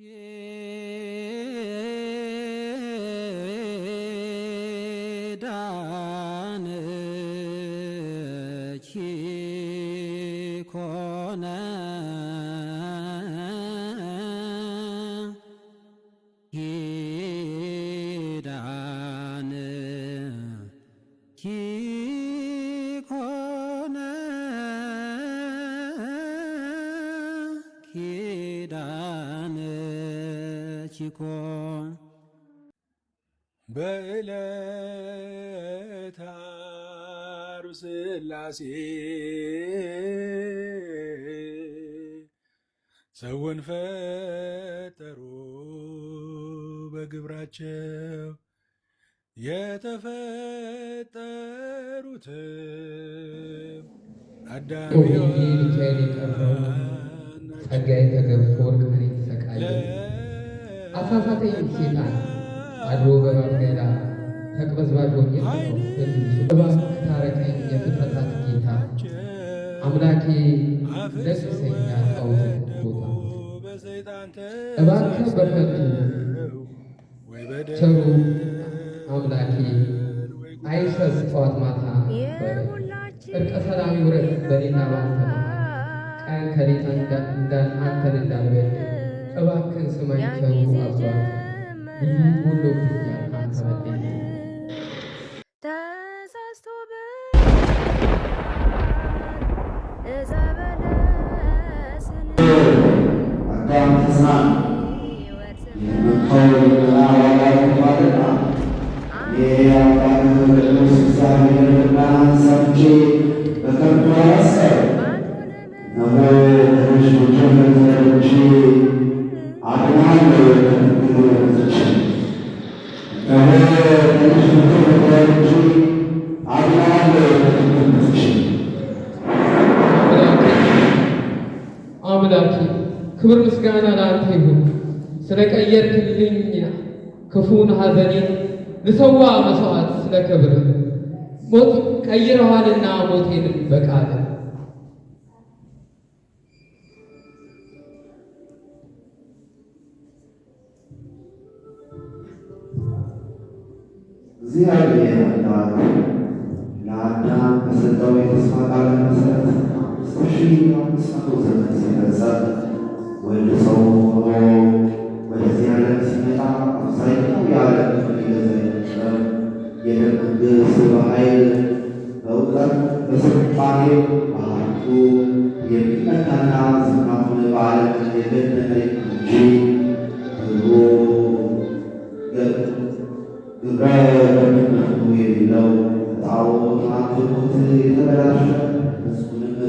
Yeah. ሥላሴ ሰውን ፈጠሩ በግብራቸው የተፈጠሩትም ጸጋዬ ተገብቶ አሳሳተኝ ሴጣን አድሮ በባብገዳ ተቅበዝባዥ ሆኜ ታረቀኝ የፍጥረታት ጌታ አምላኬ ደስ ይሰኛል ቦታ እባክህ በፈቱ ቸሩ አምላኬ አይሰስ ጠዋት ማታ እርቀ ሰላም ይውረድ በኔና ባንተ ቀን ከሌት አንተን እንዳልበል እባክህን ስማኝ ቸሩ አባት ብዙ ጎሎብኛል ክብር ሞት ቀይረዋልና ሞቴንም በቃል እግዚአብሔር አምላክ ለአዳም በሰጠው የተስፋ ቃል መሰረት አምስት ሺህ መቶ ዘመን ሲፈጸም ወልድ ሰው ሆኖ ወደዚህ ዓለም ሲመጣ አብዛኛው የመንግሥት በኃይል በእውቀት በስልጣኔ በሀብቱ የሚመካና ዝናውን በዓለም የገነነ እንጂ ብሎ ግብረ ቀናነቱ የሌለው ጣዖት አምልኮት የተበላሸ ሕዝቡንም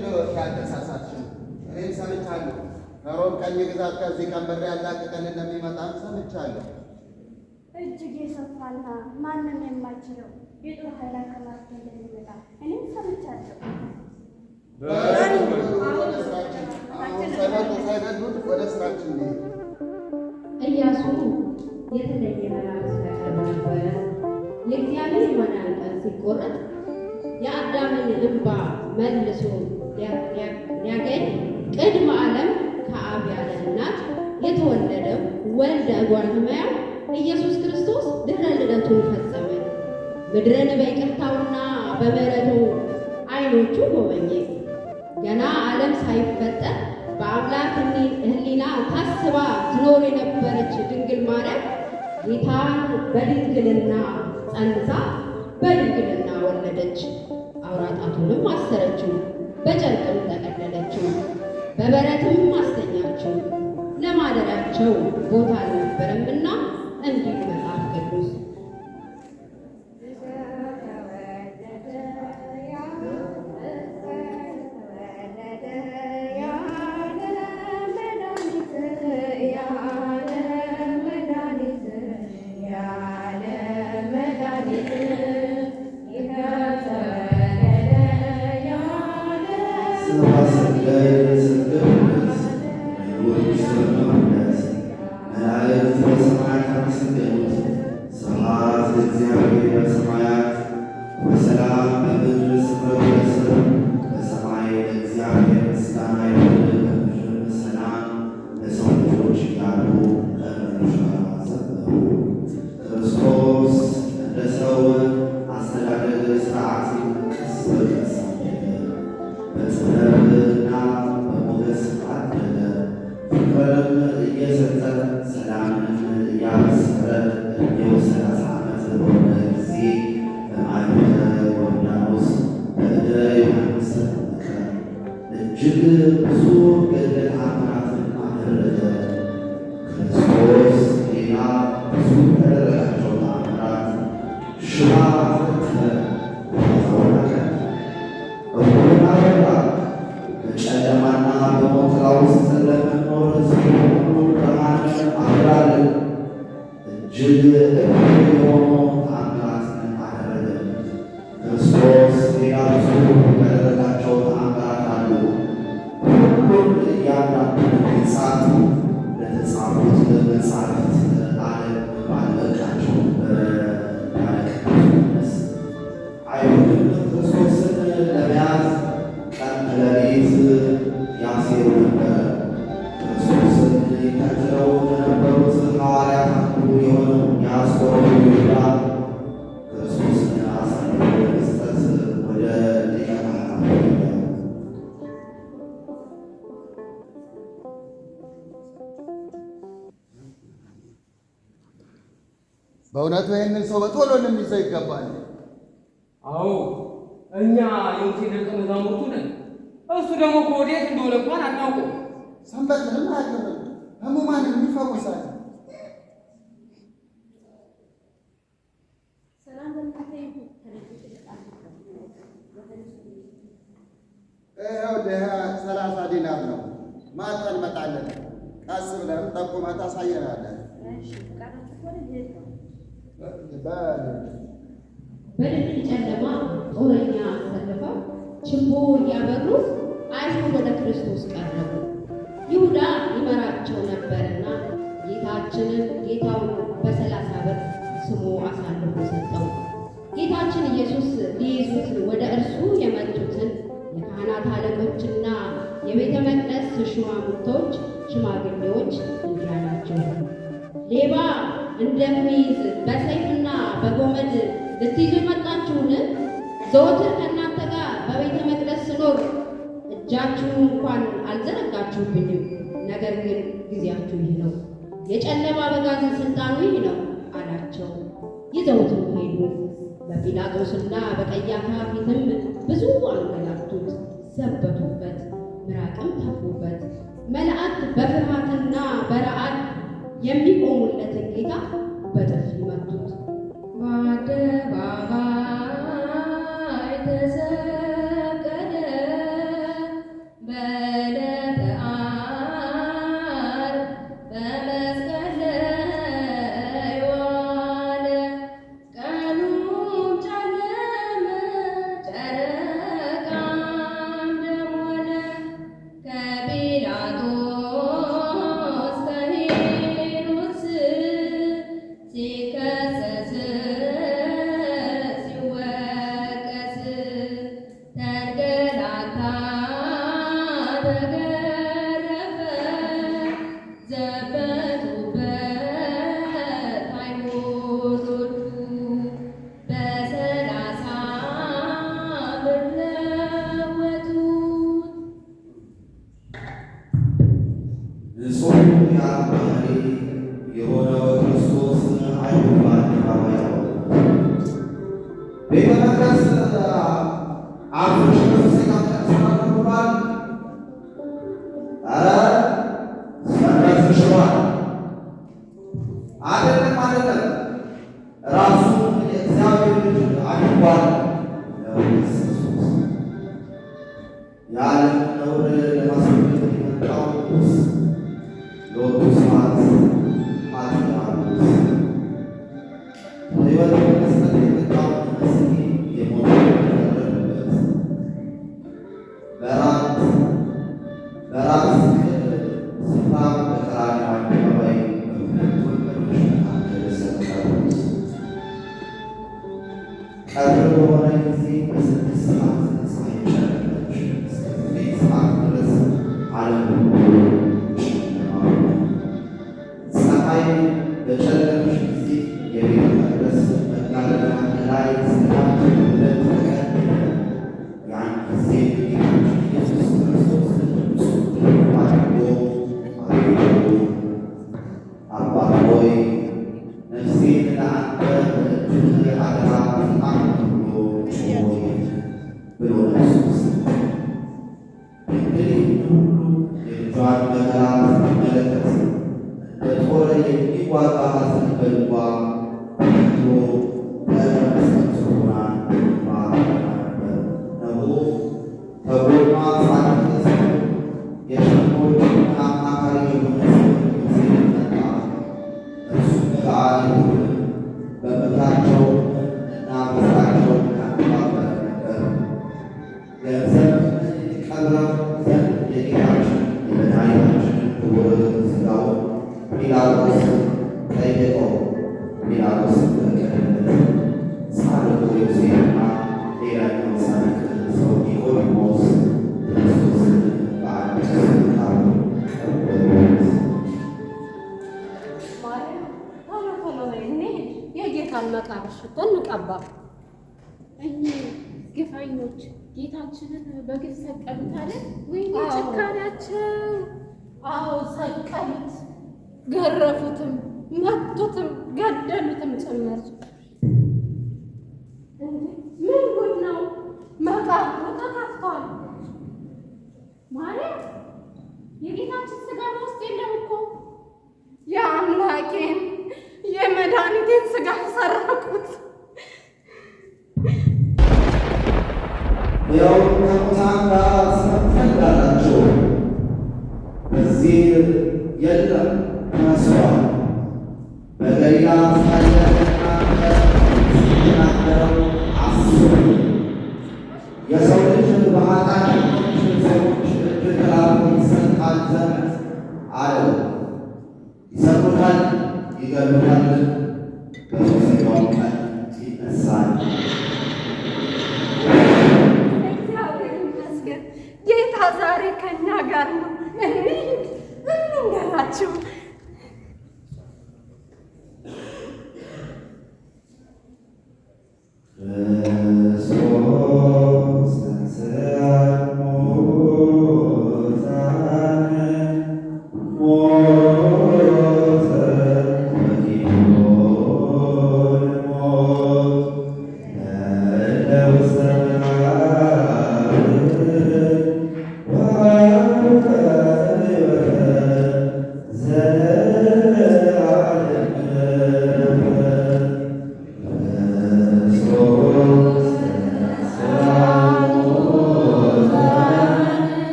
ለህይወት ያነሳሳችን እኔም ሰምቻለሁ። ከሮም ቀኝ ግዛት ከዚህ ቀንበር ያላቅቀን እንደሚመጣም ሰምቻለሁ። እጅግ የሰፋና ማንም የማይችለው የጦር ኃይል አከማችቶ እንደሚመጣ እኔም ሰምቻለሁ። እያሱ የተለየ ነበረ። የእግዚአብሔር ማዳን ቀን ሲቆረጥ የአዳምን እንባ መልሶ ቢያገኝ ቅድመ ዓለም ከአብ ያለ እናት የተወለደው ወልደ እጓለ እመሕያው ኢየሱስ ክርስቶስ ድኅረ ልደቱን ፈጸመ። ምድርን በይቅርታውና በምሕረቱ ዓይኖቹ ጎበኘ። ገና ዓለም ሳይፈጠር በአምላክ ሕሊና ታስባ ትኖር የነበረች ድንግል ማርያም ጌታን በድንግልና ጸንሳ በድንግልና ወለደች። አውራ ጣቱንም አሰረችው። በጨርቅም ጠቀለለችው፣ በበረትም አስተኛቸው። ለማደሪያቸው ቦታ አልነበረምና እንዲህ ብዙ ገደል ዳዊት የአሴር ነበር። ክርስቶስን ተከትለው የነበሩት ሐዋርያት አንዱ የሆነው የአስቆሮ ይሁዳ ክርስቶስን አሳልፎ ለመስጠት ወደ ሊቀ ካህናት በእውነቱ ይህንን ሰው በቶሎ ልንይዘው ይገባል። አዎ እኛ የሙሴ ደቀ መዛሙርቱ ነን። እሱ ደግሞ ከወዴት እንደሆነ እንኳን አናውቀው። ሰንበት ምንም አያገበል ህሙማን የሚፈውሳል። ሰላሳ ዲናር ነው። ማጠን መጣለን። ቀስ ብለን ጠቁመ ታሳየናለን። በድን ጨለማ ጦረኛ አሰልፈው ችቦ እያበሩ አይሁድ ወደ ክርስቶስ ቀረቡ። ይሁዳ ይመራቸው ነበርና ጌታችንን ጌታው በሰላሳ ብር ስሙ አሳልፎ ሰጠው። ጌታችን ኢየሱስ ሊይዙት ወደ እርሱ የመጡትን የካህናት አለቆችና የቤተ መቅደስ ሹማምንቶች፣ ሽማግሌዎች እንዲህ ሌባ እንደሚይዝ በሰይፍና በጎመድ ልትይዙ መጣችሁን? ዘወትር ከእናንተ ጋር በቤተ መቅደስ ስኖር እጃችሁን እንኳን አልዘረጋችሁብኝም። ነገር ግን ጊዜያችሁ ይህ ነው፣ የጨለማ አበጋዝን ስልጣኑ ይህ ነው አላቸው። ይዘውትም ሄዱ። በጲላጦስና በቀያፋ ፊትም ብዙ አንገላቱት፣ ዘበቱበት፣ ምራቅም ተፉበት። መላእክት በፍርሃትና በረዓድ የሚቆሙለትን ጌታ በጥፊ መቱት። በአደባባይ ተሰ das tá. የጌታችን ስጋ በውስጥ የለም እኮ የአምላኬን የመድኃኒቴን ስጋ ሰረቁት። ያው ከሙታን ጋር ሰምተን በዚህ የለም መስዋዕት በገሊላ ሳለ ይገሉታል፣ በሦስተኛውም ቀን ይነሳል። እግዚአብሔር ጌታ ዛሬ ከእኛ ጋር ነው። እንንገራችሁ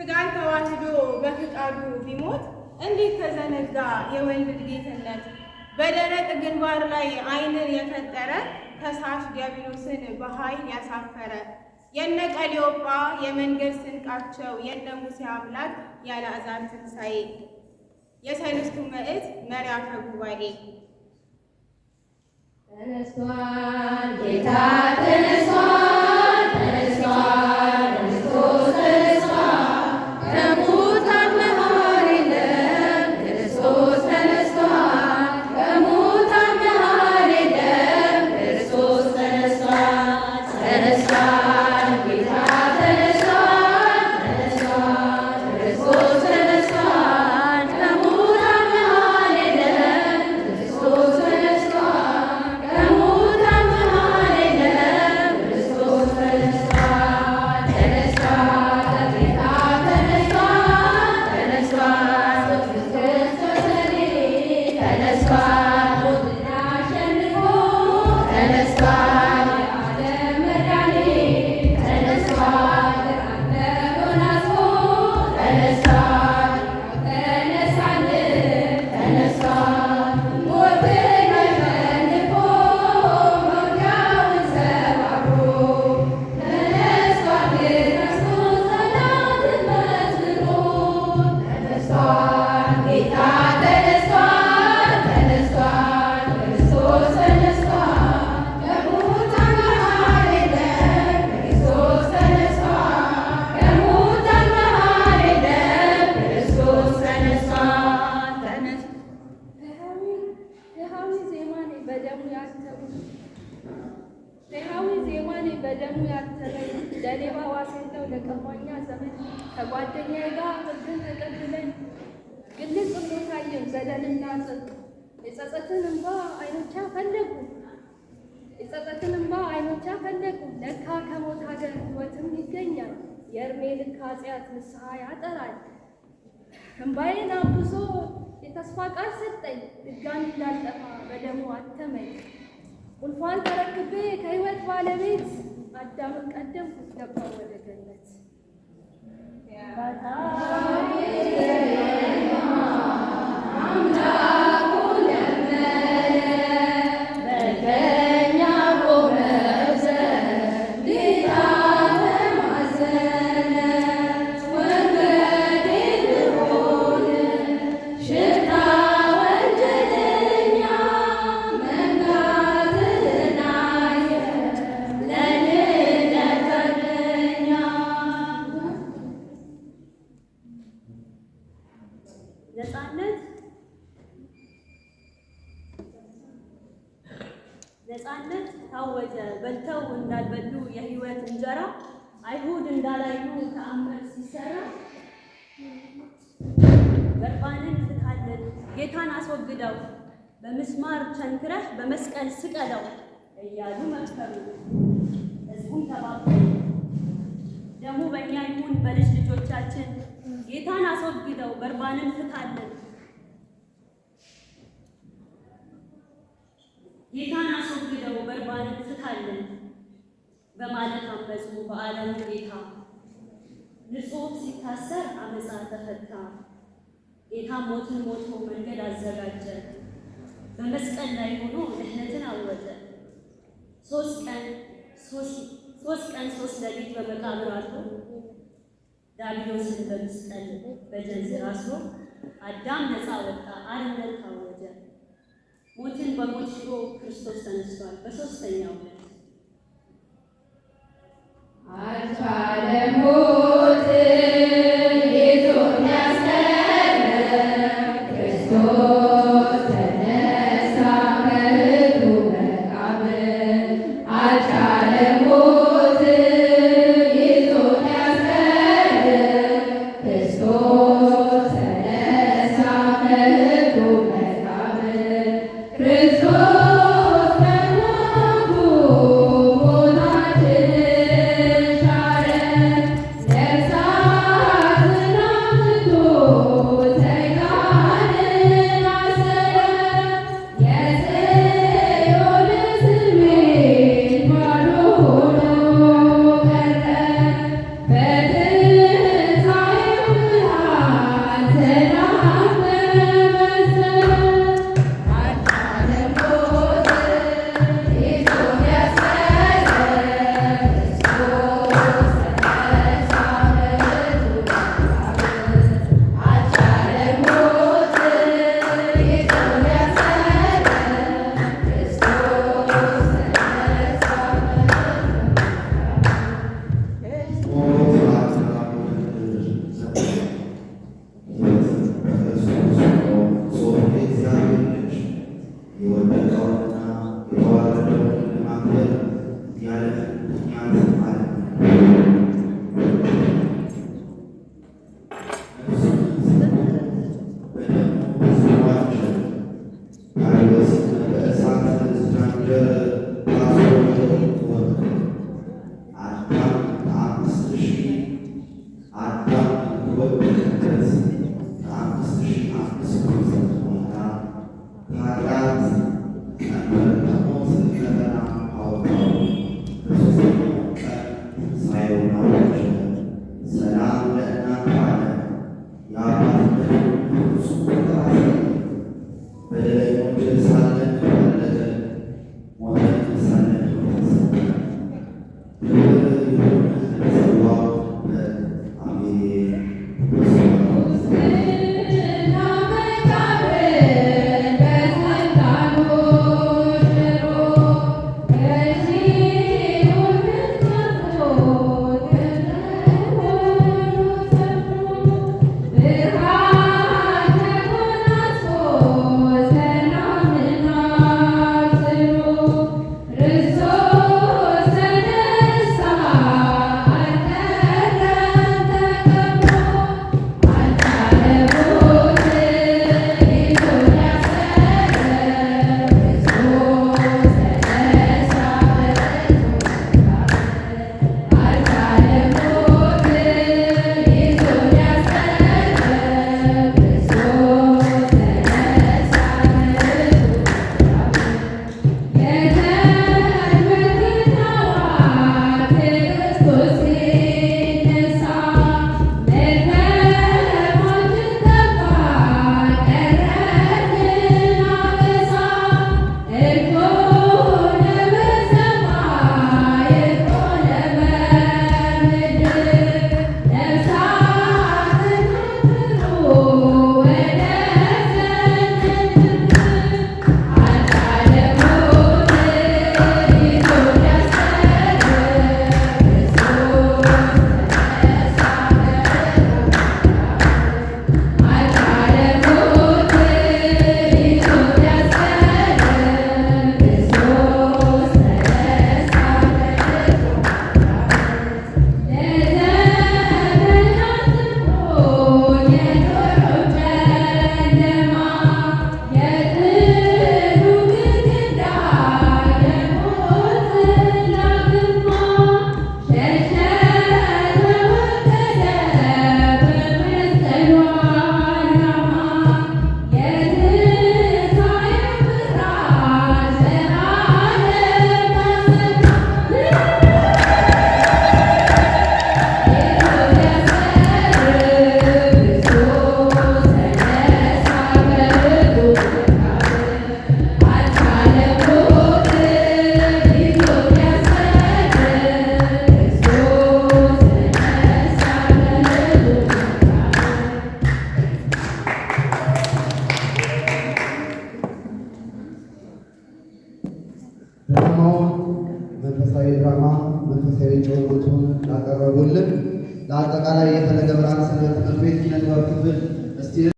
ስጋን ተዋህዶ በፍቃዱ ቢሞት እንዴት ተዘነጋ የወንድ ጌትነት? በደረቅ ግንባር ላይ አይንን የፈጠረ ከሳሽ ዲያብሎስን በኃይል ያሳፈረ የነ ቀሊዮጳ የመንገድ ስንቃቸው የነ ሙሴ አምላክ ያለ አዛር ትንሣኤ የሰለስቱ መዕት መሪያፈ ጉባኤ ተነስቷል ጌታ ተነስቷል ይመጣል። እንባዬን አብሶ የተስፋ ቃል ሰጠኝ፣ ድጋሚ እንዳልጠፋ በደሙ አተመኝ። ቁልፏን ተረክቤ ከህይወት ባለቤት አዳምን ቀደም ገባ ወደ ገነት ነፃነት ነፃነት ታወጀ። በልተው እንዳልበሉ የህይወት እንጀራ አይሁድ እንዳላዩ ተአምር ሲሰራ በርባንን ፍታለን ጌታን አስወግደው በምስማር ቸንክረህ በመስቀል ስቀለው እያሉ መከሩ። ሕዝቡም ተባበሩ። ደግሞ በእኛ ይሁን በልጅ ልጆቻችን ጌታን አስወግደው በርባንን ፍታለን። ጌታን አስወግደው በርባንን ፍታለን በማለት አመፁ። በዓለም ጌታ ንጹሕ ሲታሰር አመፃ ተፈታ። ጌታ ሞትን ሞቶ መንገድ አዘጋጀ። በመስቀል ላይ ሆኖ ድህነትን አወጠ። ሶስት ቀን ሶስት ቀን ሶስት ለሊት በመቃብር አድሮ ዳቢሎስን በመስቀል በጀንዝር አስሮ አዳም ነፃ ወጣ፣ አርነት ታወጀ። ሞትን በሞት ሽሮ ክርስቶስ ተነስቷል። በሦስተኛው ዕለት በደለኛውን ግን ሳለ